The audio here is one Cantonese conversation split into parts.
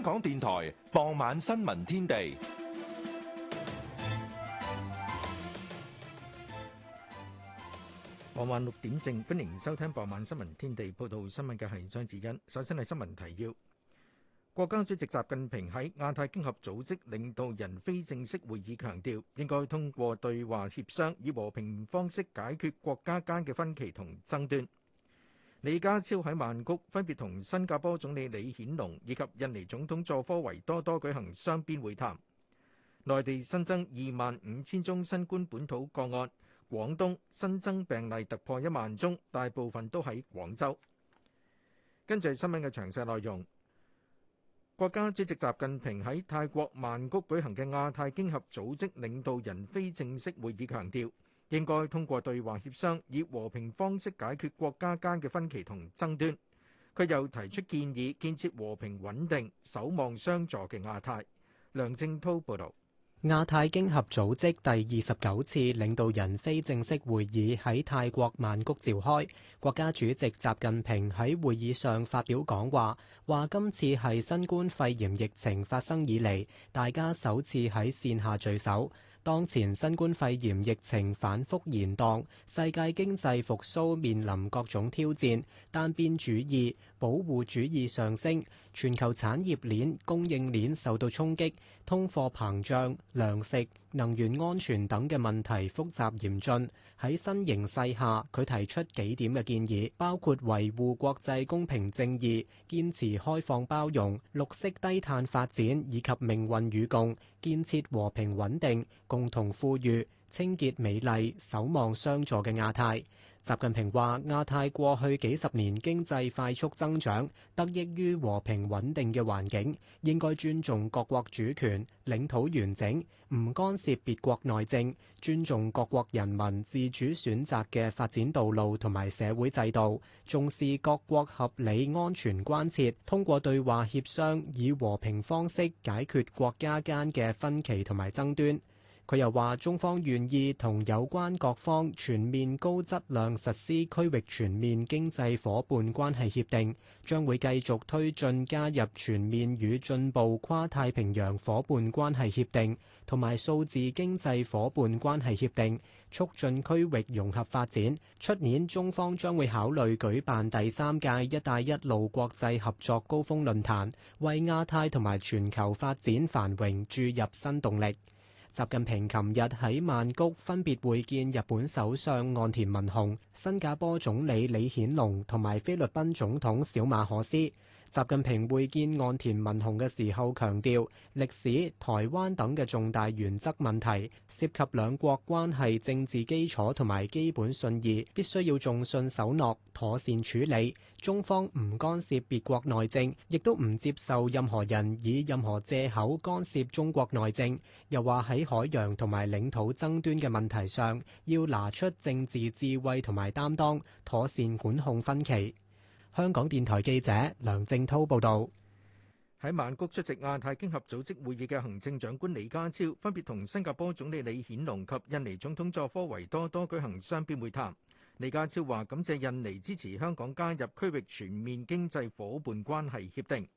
香港電台傍晚新聞天地。傍晚六點正，歡迎收聽傍晚新聞天地。報道新聞嘅係張子欣。首先係新聞提要，國家主席習近平喺亞太經合組織領導人非正式會議強調，應該通過對話協商，以和平方式解決國家間嘅分歧同爭端。李家超喺曼谷，分別同新加坡總理李顯龍，以及印尼總統佐科維多多舉行雙邊會談。內地新增二萬五千宗新冠本土個案，廣東新增病例突破一萬宗，大部分都喺廣州。跟住新聞嘅詳細內容，國家主席習近平喺泰國應該通過對話協商，以和平方式解決國家間嘅分歧同爭端。佢又提出建議，建設和平穩定、守望相助嘅亞太。梁正滔報導，亞太經合組織第二十九次領導人非正式會議喺泰國曼谷召開。國家主席習近平喺會議上發表講話，話今次係新冠肺炎疫情發生以嚟，大家首次喺線下聚首。當前新冠肺炎疫情反覆延宕，世界經濟復蘇面臨各種挑戰，單邊主義、保護主義上升，全球產業鏈、供應鏈受到衝擊，通貨膨脹、糧食、能源安全等嘅問題複雜嚴峻。喺新形勢下，佢提出幾點嘅建議，包括維護國際公平正義、堅持開放包容、綠色低碳發展，以及命運與共、建設和平穩定、共同富裕、清潔美麗、守望相助嘅亞太。習近平話：亞太過去幾十年經濟快速增長，得益於和平穩定嘅環境，應該尊重各國主權、領土完整，唔干涉別國內政，尊重各國人民自主選擇嘅發展道路同埋社會制度，重視各國合理安全關切，通過對話協商，以和平方式解決國家間嘅分歧同埋爭端。佢又話：中方願意同有關各方全面高質量實施區域全面經濟伙伴關係協定，將會繼續推進加入全面與進步跨太平洋伙伴關係協定同埋數字經濟伙伴關係協定，促進區域融合發展。出年中方將會考慮舉辦第三屆「一帶一路」國際合作高峰論壇，為亞太同埋全球發展繁榮注入新動力。習近平琴日喺曼谷分別會見日本首相岸田文雄、新加坡總理李顯龍同埋菲律賓總統小馬可思。習近平會見岸田文雄嘅時候，強調歷史、台灣等嘅重大原則問題，涉及兩國關係政治基礎同埋基本信義，必須要重信守諾，妥善處理。中方唔干涉別國內政，亦都唔接受任何人以任何借口干涉中國內政。又話喺海洋同埋領土爭端嘅問題上，要拿出政治智慧同埋擔當，妥善管控分歧。香港電台記者梁正濤報道，喺曼谷出席亞太經合組織會議嘅行政長官李家超，分別同新加坡總理李顯龍及印尼總統佐科維多多舉行雙邊會談。李家超話感謝印尼支持香港加入區域全面經濟夥伴關係協定。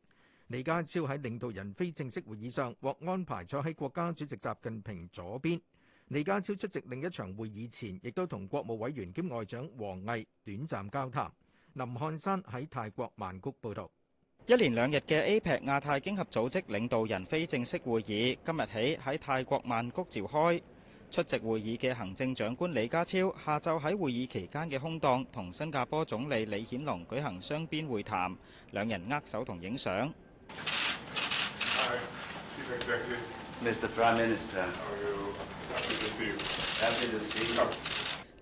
李家超喺領導人非正式會議上獲安排坐喺國家主席習近平左邊。李家超出席另一場會議前，亦都同國務委員兼外長王毅短暫交談。林漢山喺泰國曼谷報道，一連兩日嘅 APEC 亞太經合組織領導人非正式會議今日起喺泰國曼谷召開。出席會議嘅行政長官李家超下晝喺會議期間嘅空檔，同新加坡總理李顯龍舉行雙邊會談，兩人握手同影相。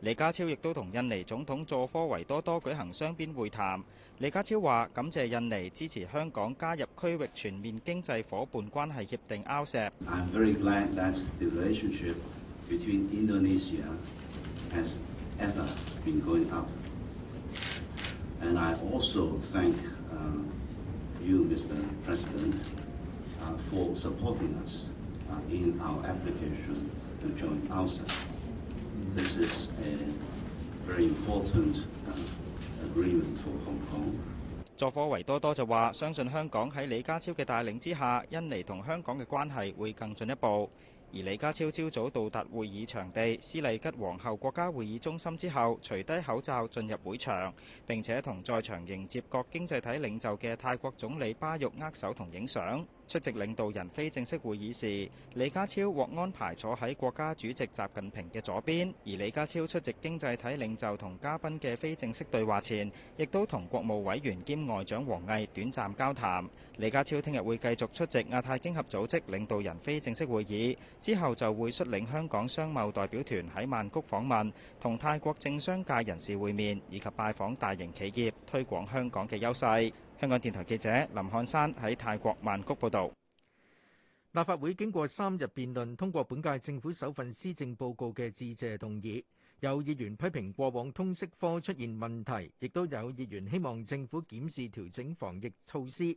李家超亦都同印尼總統佐科維多多舉行雙邊會談。李家超話：感謝印尼支持香港加入區域全面經濟夥伴關係協定 （RCEP）。佐科維多多就話：相信香港喺李家超嘅帶領之下，印尼同香港嘅關係會更進一步。而李家超朝早到達會議場地，詩麗吉皇后國家會議中心之後，除低口罩進入會場，並且同在場迎接各經濟體領袖嘅泰國總理巴育握手同影相。出席領導人非正式會議時，李家超獲安排坐喺國家主席習近平嘅左邊。而李家超出席經濟體領袖同嘉賓嘅非正式對話前，亦都同國務委員兼外長王毅短暫交談。李家超聽日會繼續出席亞太經合組織領導人非正式會議，之後就會率領香港商貿代表團喺曼谷訪問，同泰國政商界人士會面，以及拜訪大型企業，推廣香港嘅優勢。香港電台記者林漢山喺泰國曼谷報導。立法會經過三日辯論，通過本屆政府首份施政報告嘅致謝動議。有議員批評過往通識科出現問題，亦都有議員希望政府檢視調整防疫措施。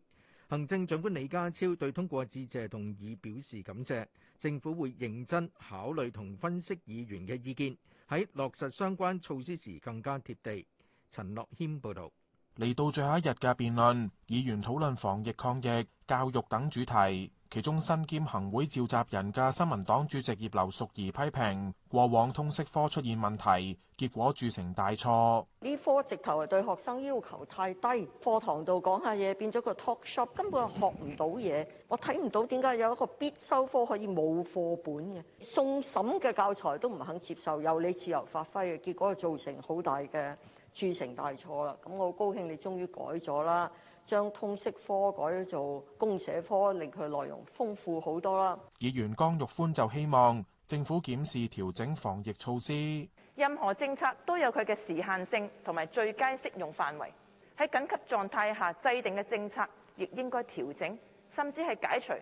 行政長官李家超對通過致謝動議表示感謝，政府會認真考慮同分析議員嘅意見，喺落實相關措施時更加貼地。陳樂軒報導。嚟到最後一日嘅辯論，議員討論防疫抗疫、教育等主題。其中新兼行會召集人嘅新民黨主席葉劉淑儀批評，過往通識科出現問題，結果鑄成大錯。呢科直頭係對學生要求太低，課堂度講下嘢，變咗個 talk shop，根本學唔到嘢。我睇唔到點解有一個必修科可以冇課本嘅，送審嘅教材都唔肯接受，由你自由發揮嘅，結果造成好大嘅鑄成大錯啦！咁我好高興，你終於改咗啦，將通識科改咗做公社科，令佢內容豐富好多啦。議員江玉歡就希望政府檢視調整防疫措施。任何政策都有佢嘅時限性同埋最佳適用範圍。喺緊急狀態下制定嘅政策，亦應該調整，甚至係解除，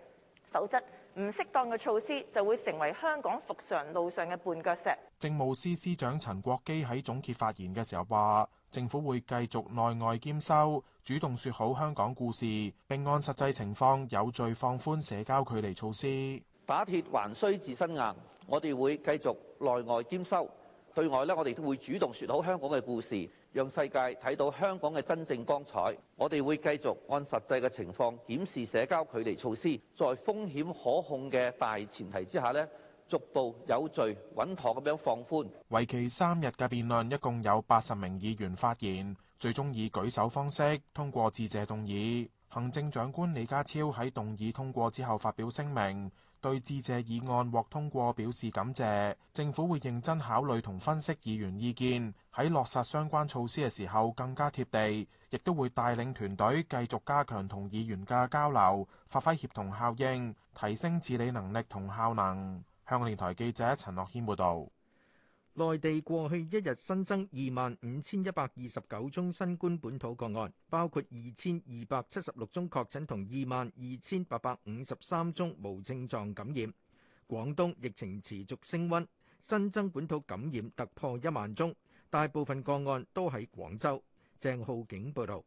否則。唔適當嘅措施就會成為香港復常路上嘅絆腳石。政務司司長陳國基喺總結發言嘅時候話，政府會繼續內外兼修，主動説好香港故事，並按實際情況有序放寬社交距離措施。打鐵還需自身硬，我哋會繼續內外兼修，對外呢，我哋都會主動説好香港嘅故事。讓世界睇到香港嘅真正光彩。我哋會繼續按實際嘅情況檢視社交距離措施，在風險可控嘅大前提之下咧，逐步有序、穩妥咁樣放寬。為期三日嘅辯論，一共有八十名議員發言，最終以舉手方式通過致謝動議。行政長官李家超喺動議通過之後發表聲明。對致謝議案獲通過表示感謝，政府會認真考慮同分析議員意見，喺落實相關措施嘅時候更加貼地，亦都會帶領團隊繼續加強同議員嘅交流，發揮協同效應，提升治理能力同效能。香港電台記者陳樂軒報道。內地過去一日新增二萬五千一百二十九宗新冠本土個案，包括二千二百七十六宗確診同二萬二千八百五十三宗無症狀感染。廣東疫情持續升溫，新增本土感染突破一萬宗，大部分個案都喺廣州。鄭浩景報道，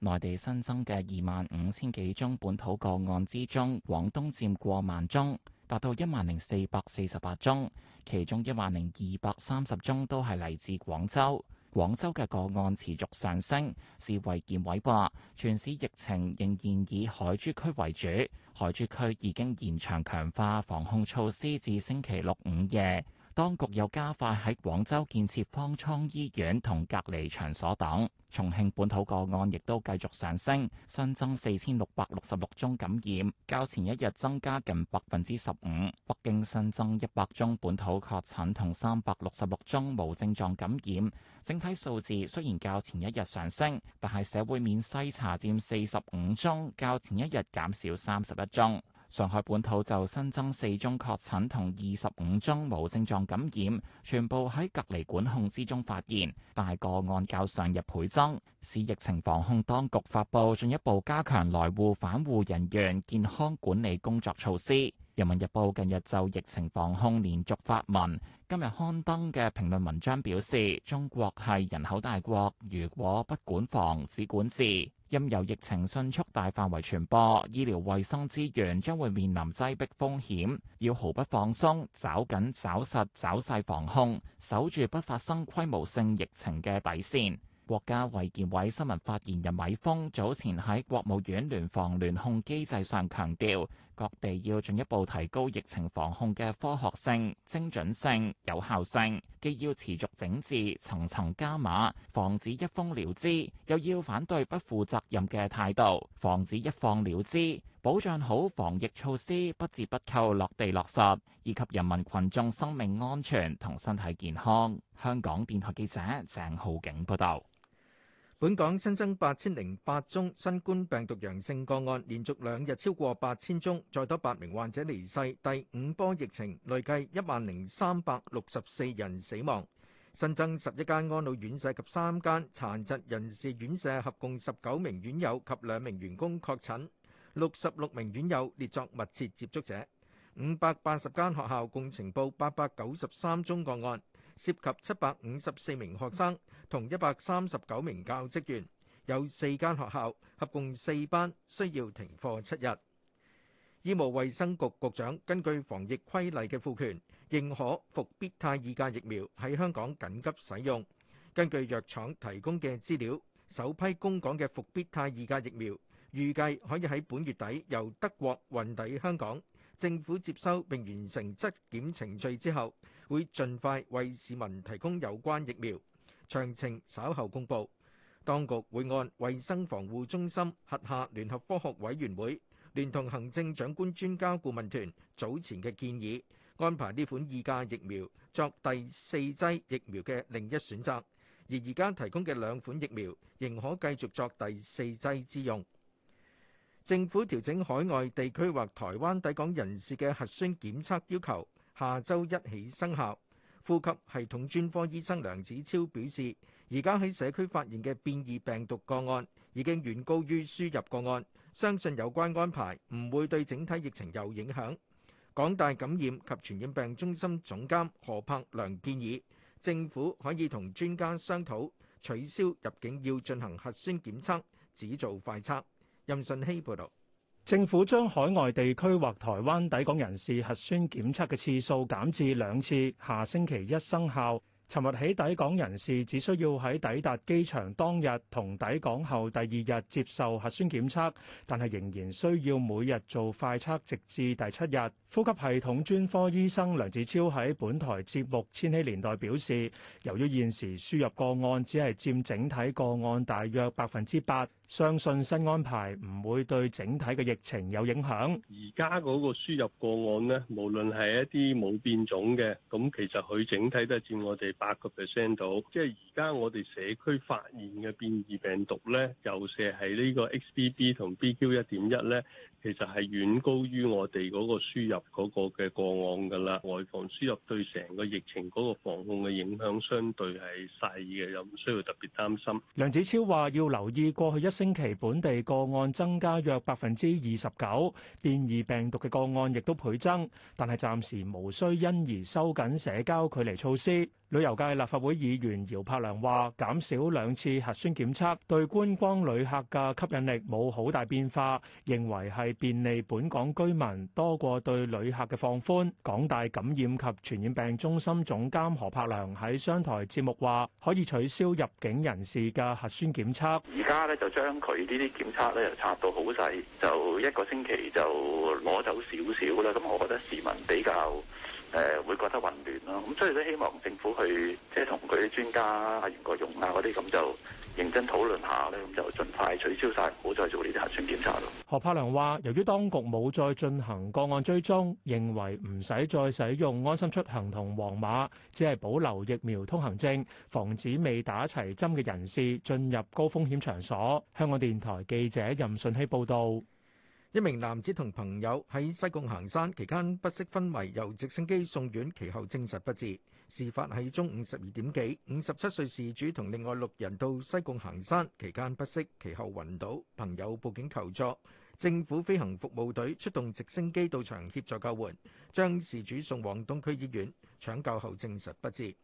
內地新增嘅二萬五千幾宗本土個案之中，廣東佔過萬宗。達到一萬零四百四十八宗，其中一萬零二百三十宗都係嚟自廣州。廣州嘅個案持續上升。市衛健委話，全市疫情仍然以海珠區為主，海珠區已經延長強化防控措施至星期六午夜。當局又加快喺廣州建設方艙醫院同隔離場所等。重慶本土個案亦都繼續上升，新增四千六百六十六宗感染，較前一日增加近百分之十五。北京新增一百宗本土確診同三百六十六宗無症狀感染。整體數字雖然較前一日上升，但係社會面篩查佔四十五宗，較前一日減少三十一宗。上海本土就新增四宗確診同二十五宗無症狀感染，全部喺隔離管控之中發現，大個案較上日倍增，市疫情防控當局發佈進一步加強來滬返滬人員健康管理工作措施。《人民日報》近日就疫情防控連續發文，今日刊登嘅評論文章表示：中國係人口大國，如果不管防只管治，因由疫情迅速大範圍傳播，醫療衛生資源將會面臨擠逼風險，要毫不放鬆抓緊抓實抓細防控，守住不發生規模性疫情嘅底線。國家衛健委新聞發言人米峰早前喺國務院聯防聯控機制上強調。各地要進一步提高疫情防控嘅科學性、精準性、有效性，既要持續整治、層層加碼，防止一封了之；又要反對不負責任嘅態度，防止一放了之，保障好防疫措施不折不扣落地落實，以及人民群眾生命安全同身體健康。香港電台記者鄭浩景報道。本港新增八千零八宗新冠病毒陽性個案，連續兩日超過八千宗，再多八名患者離世。第五波疫情累計一萬零三百六十四人死亡。新增十一間安老院舍及三間殘疾人士院舍，合共十九名院友及兩名員工確診，六十六名院友列作密切接觸者。五百八十間學校共呈報八百九十三宗個案，涉及七百五十四名學生。同一百三十九名教職員，有四間學校合共四班需要停課七日。醫務衛生局局長根據防疫規例嘅賦權，認可復必泰二價疫苗喺香港緊急使用。根據藥廠提供嘅資料，首批供港嘅復必泰二價疫苗，預計可以喺本月底由德國運抵香港。政府接收並完成質檢程序之後，會盡快為市民提供有關疫苗。詳情稍後公布。當局會按衛生防護中心轄下聯合科學委員會聯同行政長官專家顧問團早前嘅建議，安排呢款二價疫苗作第四劑疫苗嘅另一選擇。而而家提供嘅兩款疫苗仍可繼續作第四劑之用。政府調整海外地區或台灣抵港人士嘅核酸檢測要求，下週一起生效。呼吸系統專科醫生梁子超表示，而家喺社區發現嘅變異病毒個案已經遠高於輸入個案，相信有關安排，唔會對整體疫情有影響。港大感染及傳染病中心總監何柏良建議，政府可以同專家商討取消入境要進行核酸檢測，只做快測。任順希報道。政府將海外地區或台灣抵港人士核酸檢測嘅次數減至兩次，下星期一生效。尋日起，抵港人士只需要喺抵達機場當日同抵港後第二日接受核酸檢測，但係仍然需要每日做快測，直至第七日。呼吸系統專科醫生梁子超喺本台節目《千禧年代》表示，由於現時輸入個案只係佔整體個案大約百分之八，相信新安排唔會對整體嘅疫情有影響。而家嗰個輸入個案呢，無論係一啲冇變種嘅，咁其實佢整體都係佔我哋八個 percent 度。即係而家我哋社區發現嘅變異病毒咧，尤其係呢個 XBB 同 BQ 一點一咧。其實係遠高於我哋嗰個輸入嗰個嘅個案㗎啦，外防輸入對成個疫情嗰個防控嘅影響相對係細嘅，又唔需要特別擔心。梁子超話，要留意過去一星期本地個案增加約百分之二十九，變異病毒嘅個案亦都倍增，但係暫時無需因而收緊社交距離措施。旅遊界立法會議員姚柏良話：減少兩次核酸檢測，對觀光旅客嘅吸引力冇好大變化，認為係便利本港居民多過對旅客嘅放寬。港大感染及傳染病中心總監何柏良喺商台節目話：可以取消入境人士嘅核酸檢測，而家咧就將佢呢啲檢測咧又拆到好細，就一個星期就攞走少少啦。咁我覺得市民比較。誒會覺得混亂咯，咁所以都希望政府去即係同佢啲專家阿袁國勇啊嗰啲咁就認真討論下咧，咁就盡快取消曬，唔好再做呢啲核酸檢查咯。何柏良話：由於當局冇再進行個案追蹤，認為唔使再使用安心出行同黃碼，只係保留疫苗通行證，防止未打齊針嘅人士進入高風險場所。香港電台記者任順希報導。一名男子同朋友喺西貢行山期間不適昏迷，由直升機送院，其後證實不治。事發喺中午十二點幾，五十七歲事主同另外六人到西貢行山期間不適，其後暈倒，朋友報警求助，政府飛行服務隊出動直升機到場協助救援，將事主送往東區醫院搶救後證實不治。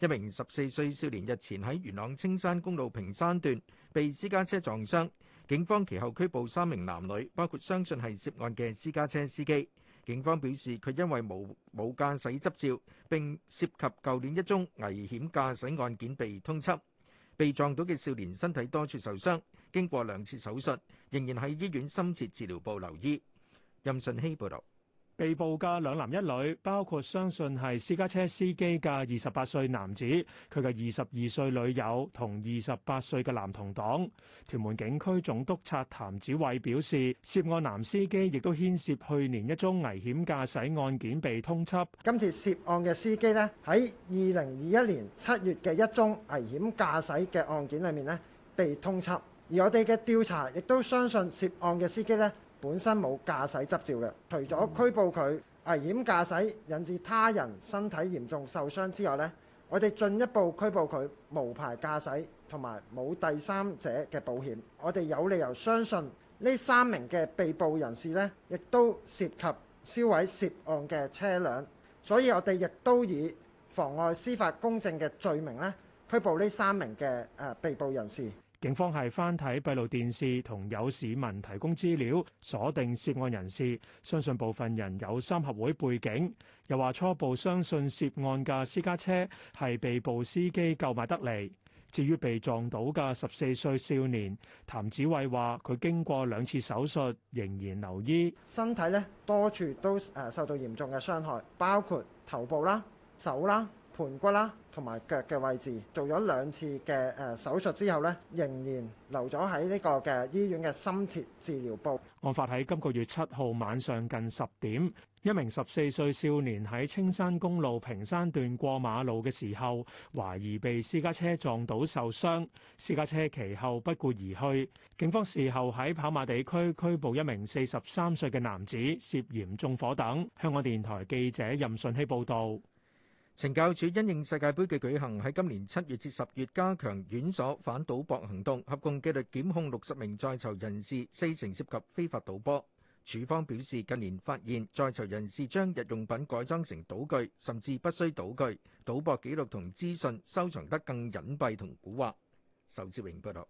一名十四歲少年日前喺元朗青山公路坪山段被私家車撞傷。警方其後拘捕三名男女，包括相信係涉案嘅私家車司機。警方表示，佢因為冇冇駕駛執照，並涉及舊年一宗危險駕駛案件被通緝。被撞到嘅少年身體多處受傷，經過兩次手術，仍然喺醫院深切治療部留醫。任順希報道。被捕嘅兩男一女，包括相信係私家車司機嘅二十八歲男子，佢嘅二十二歲女友同二十八歲嘅男同黨。屯門警區總督察譚子偉表示，涉案男司機亦都牽涉去年一宗危險駕駛案件被通緝。今次涉案嘅司機呢，喺二零二一年七月嘅一宗危險駕駛嘅案件裏面呢被通緝，而我哋嘅調查亦都相信涉案嘅司機呢，本身冇駕駛執照嘅，除咗拘捕佢危險駕駛引致他人身體嚴重受傷之外咧，我哋進一步拘捕佢無牌駕駛同埋冇第三者嘅保險，我哋有理由相信呢三名嘅被捕人士咧亦都涉及銷毀涉案嘅車輛，所以我哋亦都以妨礙司法公正嘅罪名咧拘捕呢三名嘅誒、呃、被捕人士。警方係翻睇閉路電視同有市民提供資料鎖定涉案人士，相信部分人有三合會背景。又話初步相信涉案嘅私家車係被捕司機購買得嚟。至於被撞到嘅十四歲少年譚子偉，話佢經過兩次手術仍然留醫，身體咧多處都誒受到嚴重嘅傷害，包括頭部啦、手啦、盆骨啦。同埋腳嘅位置做咗兩次嘅誒手術之後咧，仍然留咗喺呢個嘅醫院嘅深切治療部。案發喺今個月七號晚上近十點，一名十四歲少年喺青山公路屏山段過馬路嘅時候，懷疑被私家車撞倒受傷，私家車其後不顧而去。警方事後喺跑馬地區拘捕一名四十三歲嘅男子，涉嫌縱火等。香港電台記者任信希報導。懲教署因應世界盃嘅舉行，喺今年七月至十月加強院所反賭博行動，合共紀律檢控六十名在囚人士，四成涉及非法賭博。署方表示，近年發現在囚人士將日用品改裝成賭具，甚至不需賭具，賭博記錄同資訊收藏得更隱蔽同蠱惑。仇志榮報道。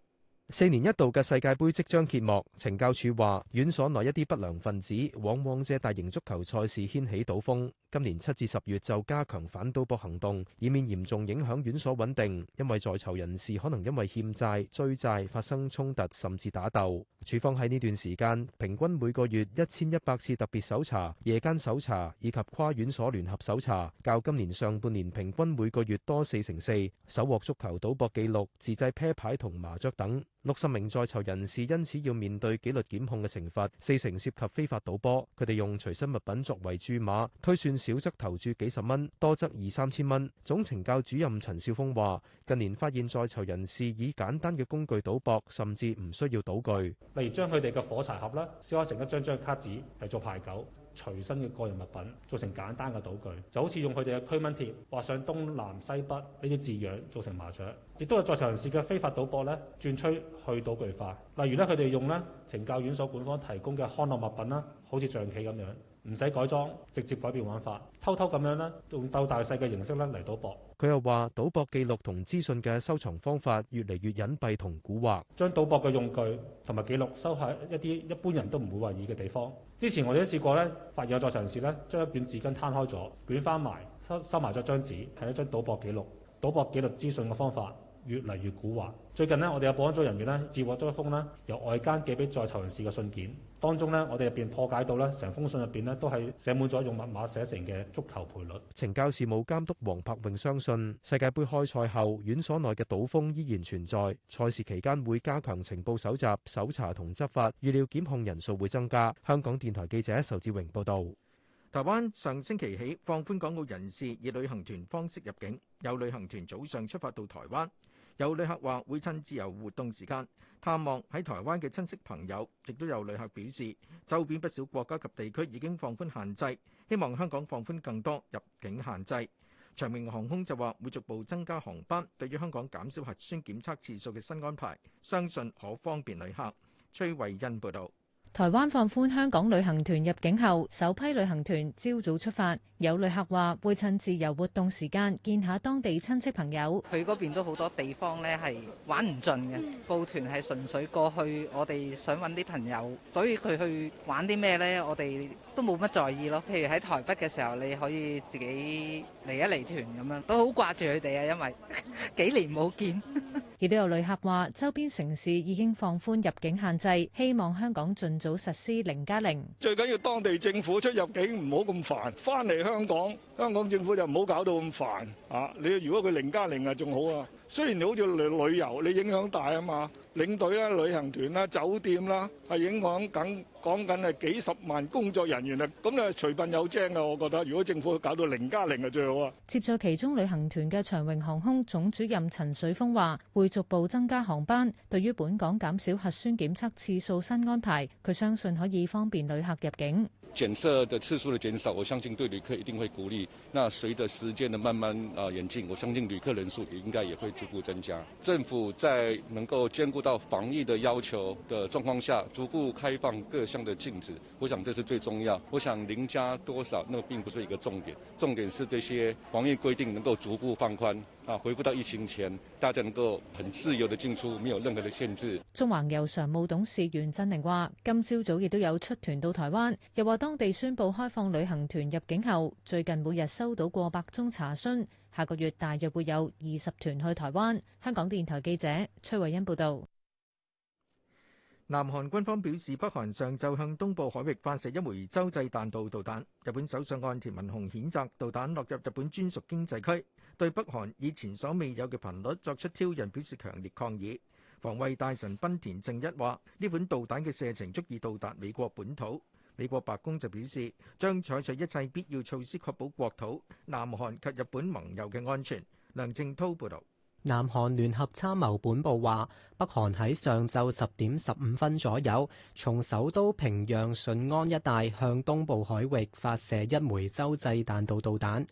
四年一度嘅世界杯即將揭幕，懲教署話，院所內一啲不良分子，往往借大型足球賽事掀起賭風。今年七至十月就加強反賭博行動，以免嚴重影響院所穩定。因為在囚人士可能因為欠債、追債發生衝突，甚至打鬥。署方喺呢段時間平均每個月一千一百次特別搜查、夜間搜查以及跨院所聯合搜查，較今年上半年平均每個月多四成四，搜獲足球賭博記錄、自製啤牌同麻雀等。六十名在囚人士因此要面對紀律檢控嘅懲罰，四成涉及非法賭博。佢哋用隨身物品作為注碼，推算少則投注幾十蚊，多則二三千蚊。總懲教主任陳少峰話：近年發現在囚人士以簡單嘅工具賭博，甚至唔需要賭具，例如將佢哋嘅火柴盒啦，燒開成一張張卡紙嚟做牌九。隨身嘅個人物品做成簡單嘅賭具，就好似用佢哋嘅驅蚊貼畫上東南西北呢啲字樣做成麻雀，亦都有在場人士嘅非法賭博咧轉趨去賭具化。例如咧，佢哋用咧懲教院所本方提供嘅康樂物品啦，好似象棋咁樣，唔使改裝，直接改變玩法，偷偷咁樣咧用鬥大細嘅形式咧嚟賭博。佢又話賭博記錄同資訊嘅收藏方法越嚟越隱蔽同古惑，將賭博嘅用具同埋記錄收喺一啲一般人都唔會懷疑嘅地方。之前我哋都試過咧，發現有在場人士咧，將一片紙巾攤開咗，捲翻埋，收收埋咗張紙，係一張賭博記錄賭博記錄資訊嘅方法。越嚟越古惑。最近呢，我哋有保安組人員呢，截獲咗一封呢由外間寄俾在囚人士嘅信件。當中呢，我哋入邊破解到呢成封信入邊呢，都係寫滿咗用密碼寫成嘅足球賠率。情教事務監督黃柏榮相信，世界盃開賽後，院所內嘅倒風依然存在。賽事期間會加強情報搜集、搜查同執法，預料檢控人數會增加。香港電台記者仇志榮報導。台灣上星期起放寬港澳人士以旅行團方式入境，有旅行團早上出發到台灣。有旅客話會趁自由活動時間探望喺台灣嘅親戚朋友，亦都有旅客表示，周邊不少國家及地區已經放寬限制，希望香港放寬更多入境限制。長榮航空就話會逐步增加航班，對於香港減少核酸檢測次數嘅新安排，相信可方便旅客。崔慧欣報道。台灣放寬香港旅行團入境後，首批旅行團朝早出發。有旅客話會趁自由活動時間見下當地親戚朋友，佢嗰邊都好多地方咧係玩唔盡嘅，報團係純粹過去。我哋想搵啲朋友，所以佢去玩啲咩呢？我哋都冇乜在意咯。譬如喺台北嘅時候，你可以自己嚟一嚟團咁樣，都好掛住佢哋啊，因為 幾年冇見。亦都有旅客話周邊城市已經放寬入境限制，希望香港盡早實施零加零。最緊要當地政府出入境唔好咁煩，翻嚟。香港，香港政府就唔好搞到咁煩啊！你如果佢零加零啊，仲好啊。雖然你好似旅旅遊，你影響大啊嘛，領隊啦、旅行團啦、酒店啦，係影響緊講緊係幾十萬工作人員啦。咁你隨份有精嘅，我覺得如果政府搞到零加零嘅最好啊。接咗其中旅行團嘅長榮航空總主任陳水峰話，會逐步增加航班。對於本港減少核酸檢測次數新安排，佢相信可以方便旅客入境。檢測嘅次數嘅減少，我相信對旅客一定會鼓勵。那隨着時間的慢慢啊演進，我相信旅客人數應該也會。逐步增加，政府在能夠兼顧到防疫的要求的狀況下，逐步開放各項的禁止，我想這是最重要。我想零加多少，那並不是一個重點，重點是這些防疫規定能夠逐步放寬，啊，回復到疫情前，大家能夠很自由的進出，沒有任何的限制。中環遊常務董事袁振寧話：今朝早亦都有出團到台灣，又話當地宣布開放旅行團入境後，最近每日收到過百宗查詢。下個月大約會有二十團去台灣。香港電台記者崔慧欣報道，南韓軍方表示，北韓上晝向東部海域發射一枚洲際彈道導彈。日本首相岸田文雄譴責導彈落入日本專屬經濟區，對北韓以前所未有嘅頻率作出挑釁表示強烈抗議。防衛大臣賓田正一話：呢款導彈嘅射程足以到達美國本土。美國白宮就表示，將採取一切必要措施確保國土、南韓及日本盟友嘅安全。梁正濤報導，南韓聯合參謀本部話，北韓喺上晝十點十五分左右，從首都平壤順安一帶向東部海域發射一枚洲際彈道導彈。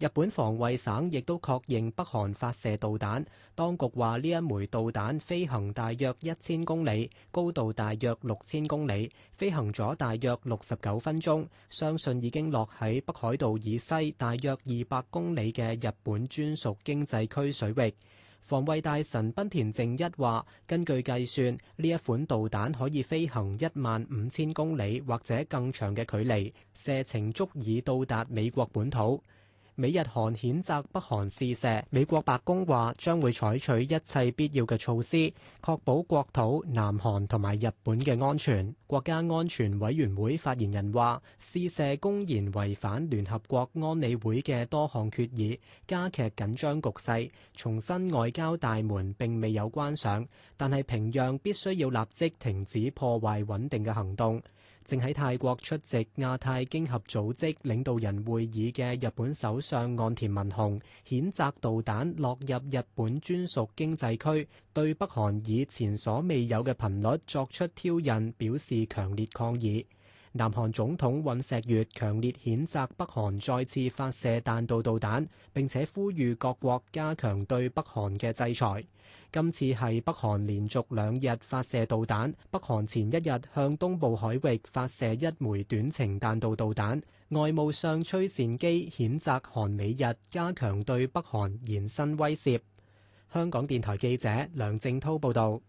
日本防衛省亦都確認北韓發射導彈，當局話呢一枚導彈飛行大約一千公里，高度大約六千公里，飛行咗大約六十九分鐘，相信已經落喺北海道以西大約二百公里嘅日本專屬經濟區水域。防衛大臣濱田靖一話，根據計算，呢一款導彈可以飛行一萬五千公里或者更長嘅距離，射程足以到達美國本土。美日韓譴責北韓試射，美國白宮話將會採取一切必要嘅措施，確保國土、南韓同埋日本嘅安全。國家安全委員會發言人話：試射公然違反聯合國安理會嘅多項決議，加劇緊張局勢，重申外交大門並未有關上，但係平壤必須要立即停止破壞穩定嘅行動。正喺泰國出席亞太經合組織領導人會議嘅日本首相岸田文雄，譴責導彈落入日本專屬經濟區，對北韓以前所未有嘅頻率作出挑釁，表示強烈抗議。南韓總統尹錫悅強烈譴責北韓再次發射彈道導彈，並且呼籲各國加強對北韓嘅制裁。今次係北韓連續兩日發射導彈，北韓前一日向東部海域發射一枚短程彈道導彈。外務相崔善姬譴責韓美日加強對北韓延伸威懾。香港電台記者梁正濤報導。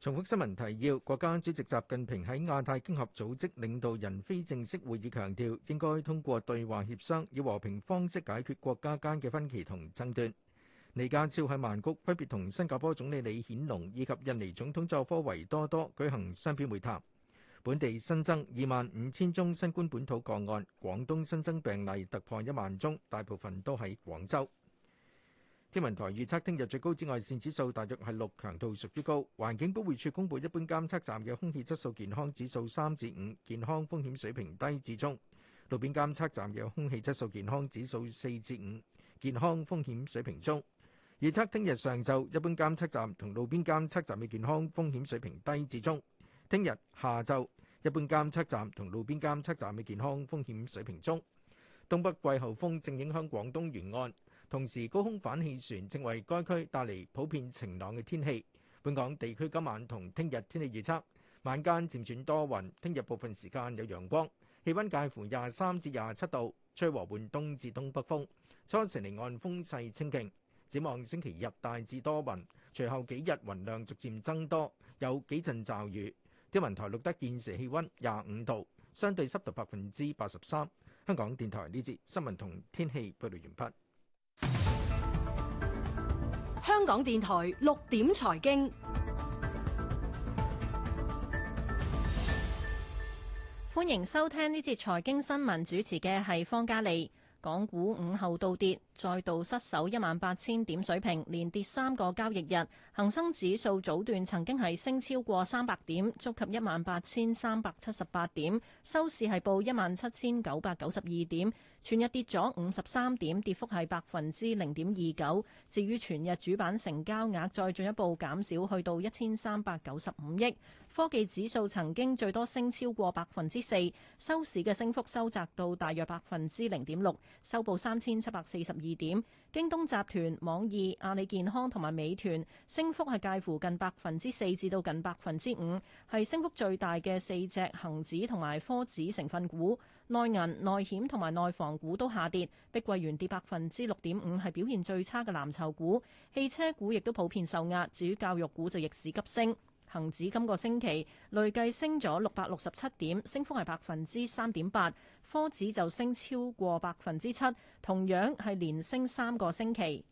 重複新聞提要：國家主席習近平喺亞太經合組織領導人非正式會議強調，應該通過對話協商，以和平方式解決國家間嘅分歧同爭端。李家超喺曼谷分別同新加坡總理李顯龍以及印尼總統佐科維多多舉行三邊會談。本地新增二萬五千宗新冠本土個案，廣東新增病例突破一萬宗，大部分都喺廣州。天文台預測聽日最高紫外線指數大約係六，強度屬於高。環境保護署公佈一般監測站嘅空氣質素健康指數三至五，健康風險水平低至中；路邊監測站嘅空氣質素健康指數四至五，健康風險水平中。預測聽日上晝一般監測站同路邊監測站嘅健康風險水平低至中；聽日下晝一般監測站同路邊監測站嘅健康風險水平中。東北季候風正影響廣東沿岸。同時高空反氣旋正為該區帶嚟普遍晴朗嘅天氣。本港地區今晚同聽日天氣預測：晚間漸轉多雲，聽日部分時間有陽光，氣温介乎廿三至廿七度，吹和緩東至東北風。初時離岸風勢清勁。展望星期日大致多雲，隨後幾日雲量逐漸增多，有幾陣驟雨。天文台錄得現時氣温廿五度，相對濕度百分之八十三。香港電台呢節新聞同天氣報道完畢。香港電台六點財經，歡迎收聽呢節財經新聞，主持嘅係方嘉利。港股午後倒跌，再度失守一萬八千點水平，連跌三個交易日。恒生指數早段曾經係升超過三百點，觸及一萬八千三百七十八點，收市係報一萬七千九百九十二點，全日跌咗五十三點，跌幅係百分之零點二九。至於全日主板成交額再進一步減少，去到一千三百九十五億。科技指數曾經最多升超過百分之四，收市嘅升幅收窄到大約百分之零點六，收報三千七百四十二點。京東集團、網易、阿里健康同埋美團升幅係介乎近百分之四至到近百分之五，係升幅最大嘅四隻恒指同埋科指成分股。內銀、內險同埋內房股都下跌，碧桂園跌百分之六點五，係表現最差嘅藍籌股。汽車股亦都普遍受壓，至於教育股就逆市急升。恒指今個星期累計升咗六百六十七點，升幅係百分之三點八。科指就升超過百分之七，同樣係連升三個星期。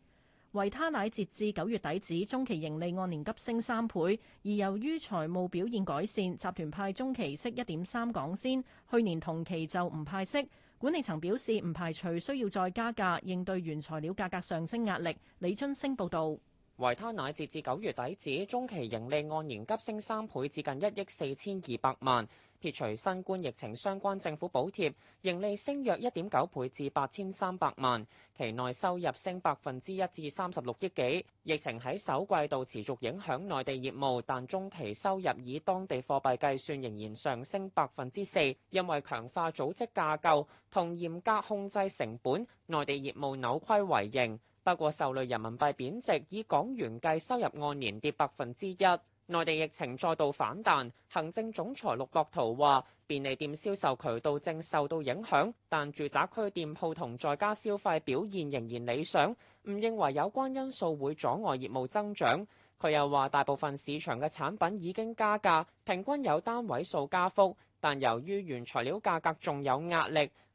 維他奶截至九月底止中期盈利按年急升三倍，而由於財務表現改善，集團派中期息一點三港仙，去年同期就唔派息。管理層表示唔排除需要再加價，應對原材料價格上升壓力。李津升報導。維他奶截至九月底止，中期盈利按年急升三倍至近一億四千二百萬，撇除新冠疫情相關政府補貼，盈利升約一點九倍至八千三百萬。期內收入升百分之一至三十六億幾。疫情喺首季度持續影響內地業務，但中期收入以當地貨幣計算仍然上升百分之四，因為強化組織架架構同嚴格控制成本，內地業務扭虧為盈。不過受累人民幣貶值，以港元計收入按年跌百分之一。內地疫情再度反彈，行政總裁陸國圖話：便利店銷售渠道正受到影響，但住宅區店鋪同在家消費表現仍然理想，唔認為有關因素會阻礙業務增長。佢又話：大部分市場嘅產品已經加價，平均有單位數加幅，但由於原材料價格仲有壓力。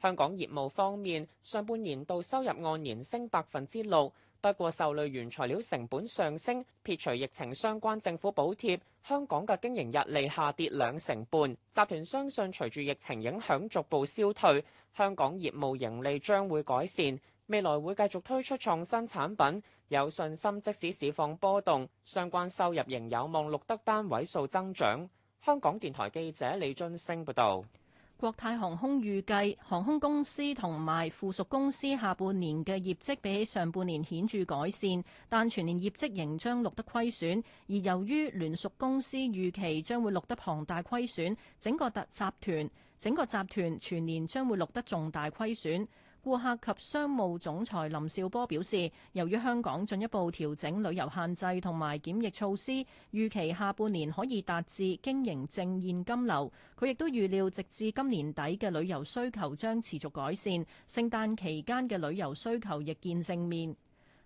香港業務方面，上半年度收入按年升百分之六，不過受累原材料成本上升，撇除疫情相關政府補貼，香港嘅經營日利下跌兩成半。集團相信隨住疫情影響逐步消退，香港業務盈利將會改善，未來會繼續推出創新產品，有信心即使市況波動，相關收入仍有望錄得單位數增長。香港電台記者李津升報道。國泰航空預計航空公司同埋附屬公司下半年嘅業績比起上半年顯著改善，但全年業績仍將錄得虧損。而由於聯屬公司預期將會錄得龐大虧損，整個特集團整個集團全年將會錄得重大虧損。顧客及商務總裁林紹波表示，由於香港進一步調整旅遊限制同埋檢疫措施，預期下半年可以達至經營正現金流。佢亦都預料，直至今年底嘅旅遊需求將持續改善，聖誕期間嘅旅遊需求亦見正面。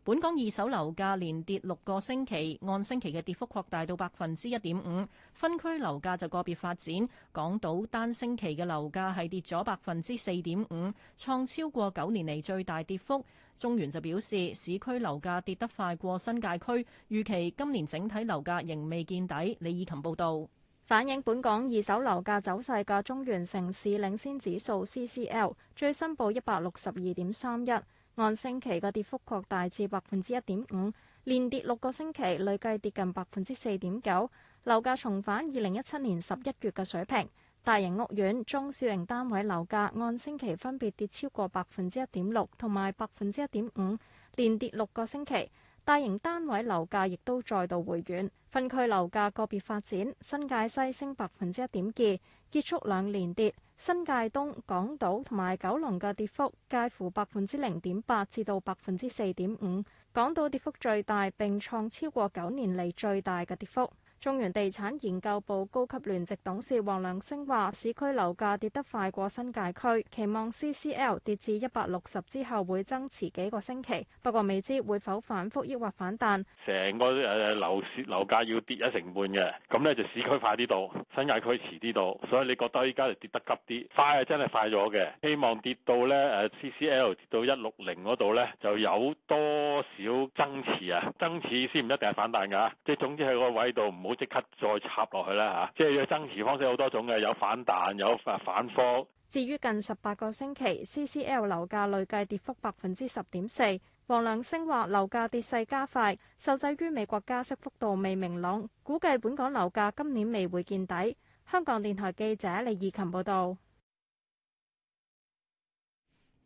本港二手樓價連跌六個星期，按星期嘅跌幅擴大到百分之一點五。分區樓價就個別發展，港島單星期嘅樓價係跌咗百分之四點五，創超過九年嚟最大跌幅。中原就表示，市區樓價跌得快過新界區，預期今年整體樓價仍未見底。李以琴報導。反映本港二手樓價走勢嘅中原城市領先指數 （CCL） 最新報一百六十二點三一。按星期嘅跌幅擴大至百分之一點五，連跌六個星期，累計跌近百分之四點九。樓價重返二零一七年十一月嘅水平。大型屋苑中小型單位樓價按星期分別跌超過百分之一點六同埋百分之一點五，連跌六個星期。大型單位樓價亦都再度回軟。分區樓價個別發展，新界西升百分之一點二，結束兩連跌。新界東、港島同埋九龍嘅跌幅介乎百分之零點八至到百分之四點五，港島跌幅最大，並創超過九年嚟最大嘅跌幅。中原地產研究部高級聯席董事黃良升話，市區樓價跌得快過新界區，期望 CCL 跌至160之後會增持幾個星期，不過未知會否反覆抑或反彈？成個呃樓樓價要跌一成半嘅，咁呢就市區快啲到，新界區遲啲到，所以你覺得依家跌得急啲，快啊真係快咗嘅，希望跌到 CCL 跌到160嗰度呢，就有多少增持，增持先唔一定係反彈㗎，即係總之喺個位度唔好即刻再插落去啦嚇，即係要增持方式好多種嘅，有反彈有誒反方。至於近十八個星期，CCL 樓價累計跌幅百分之十點四。黃良升話樓價跌勢加快，受制於美國加息幅度未明朗，估計本港樓價今年未會見底。香港電台記者李義琴報道。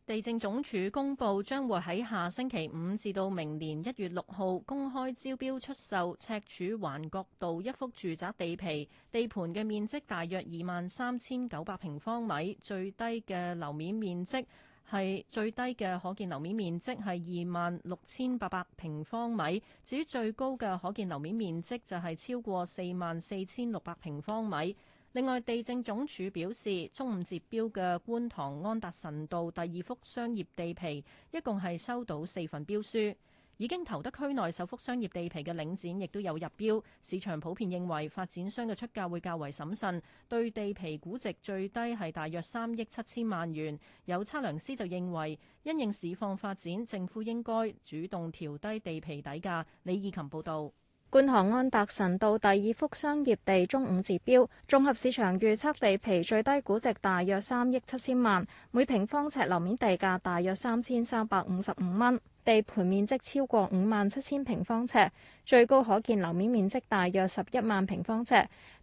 地政總署公布，將會喺下星期五至到明年一月六號公開招標出售赤柱環角道一幅住宅地皮，地盤嘅面積大約二萬三千九百平方米，最低嘅樓面面積係最低嘅可見樓面面積係二萬六千八百平方米，至於最高嘅可見樓面面積就係超過四萬四千六百平方米。另外，地政總署表示，中午截標嘅觀塘安達臣道第二幅商業地皮，一共係收到四份標書，已經投得區內首幅商業地皮嘅領展，亦都有入標。市場普遍認為，發展商嘅出價會較為審慎，對地皮估值最低係大約三億七千萬元。有測量師就認為，因應市況發展，政府應該主動調低地皮底價。李義琴報導。觀塘安達臣道第二幅商業地中午截標，綜合市場預測地皮最低估值大約三億七千萬，每平方尺樓面地價大約三千三百五十五蚊，地盤面積超過五萬七千平方尺，最高可見樓面面積大約十一萬平方尺。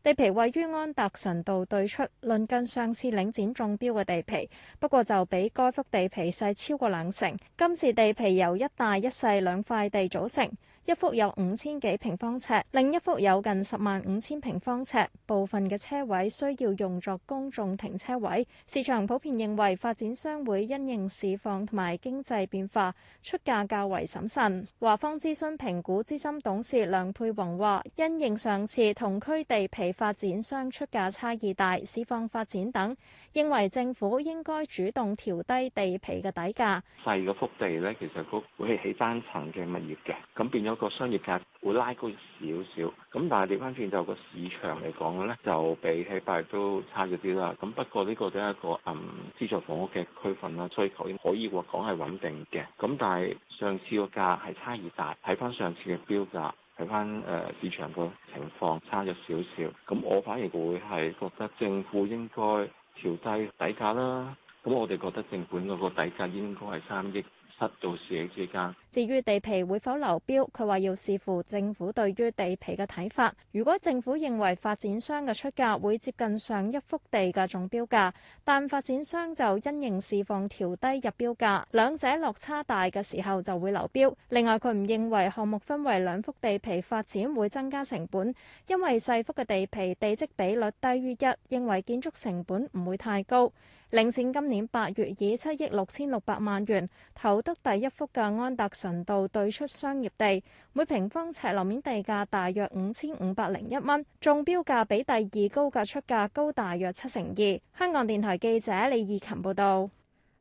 地皮位於安達臣道對出，鄰近上次領展中標嘅地皮，不過就比該幅地皮細超過兩成。今次地皮由一大一細兩塊地組成。一幅有五千幾平方尺，另一幅有近十萬五千平方尺。部分嘅車位需要用作公眾停車位。市場普遍認為發展商會因應市況同埋經濟變化，出價較為審慎。華方諮詢評估資深董事梁佩宏話，因應上次同區地皮發展商出價差異大，市況發展等，認為政府應該主動調低地皮嘅底價。細嘅幅地咧，其實會係起單層嘅物業嘅，咁變咗。個商業價值會拉高少少，咁但係調翻轉就個市場嚟講咧，就比起八月都差咗啲啦。咁不過呢個都係一個嗯資助房屋嘅區分啦，追求應該可以話講係穩定嘅。咁但係上次個價係差異大，睇翻上次嘅標價，睇翻誒市場個情況差咗少少。咁我反而會係覺得政府應該調低底價啦。咁我哋覺得政府嗰個底價應該係三億七到四億之間。至於地皮會否流標，佢話要視乎政府對於地皮嘅睇法。如果政府認為發展商嘅出價會接近上一幅地嘅中標價，但發展商就因應市況調低入標價，兩者落差大嘅時候就會流標。另外，佢唔認為項目分為兩幅地皮發展會增加成本，因為細幅嘅地皮地積比率低於一，認為建築成本唔會太高。領展今年八月以七億六千六百萬元投得第一幅嘅安達神道對出商業地，每平方尺樓面地價大約五千五百零一蚊，中標價比第二高價出價高大約七成二。香港電台記者李義勤報導。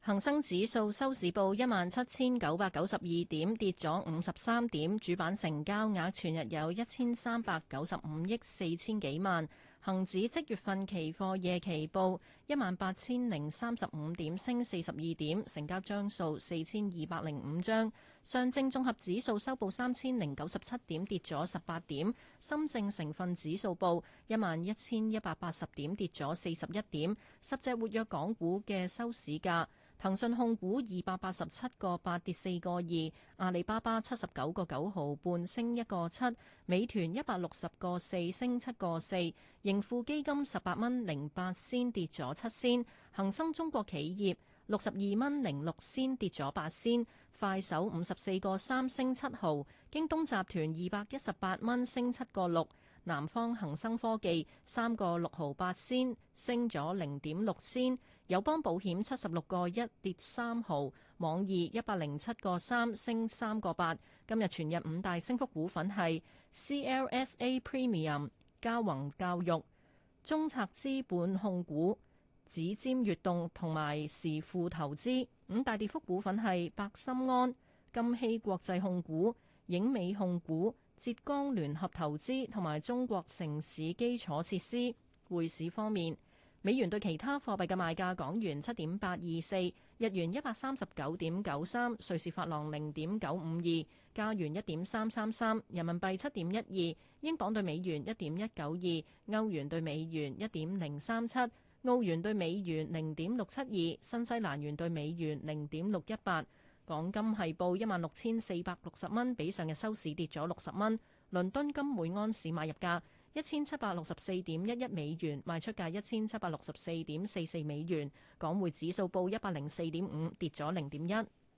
恒生指數收市報一萬七千九百九十二點，跌咗五十三點。主板成交額全日有一千三百九十五億四千幾萬。恒指即月份期貨夜期報一萬八千零三十五點，升四十二點，成交張數四千二百零五張。上證綜合指數收報三千零九十七點，跌咗十八點；深證成分指數報一萬一千一百八十點，跌咗四十一點。十隻活躍港股嘅收市價：騰訊控股二百八十七個八跌四個二，阿里巴巴七十九個九毫半升一個七，美團一百六十個四升七個四，盈富基金十八蚊零八仙跌咗七仙，恒生中國企業六十二蚊零六仙跌咗八仙。快手五十四個三升七毫，京東集團二百一十八蚊升七個六，南方恒生科技三個六毫八仙升咗零點六仙，友邦保險七十六個一跌三毫，網易一百零七個三升三個八。今日全日五大升幅股份係 CLSA Premium、嘉宏教育、中策資本控股、指尖悅動同埋時富投資。五大跌幅股份係百心安、金禧國際控股、影美控股、浙江聯合投資同埋中國城市基礎設施。匯市方面，美元對其他貨幣嘅賣價：港元七點八二四，日元一百三十九點九三，瑞士法郎零點九五二，加元一點三三三，人民幣七點一二，英鎊對美元一點一九二，歐元對美元一點零三七。澳元兌美元零點六七二，新西蘭元兌美元零點六一八，港金係報一萬六千四百六十蚊，比上日收市跌咗六十蚊。倫敦金每盎司買入價一千七百六十四點一一美元，賣出價一千七百六十四點四四美元。港匯指數報一百零四點五，跌咗零點一。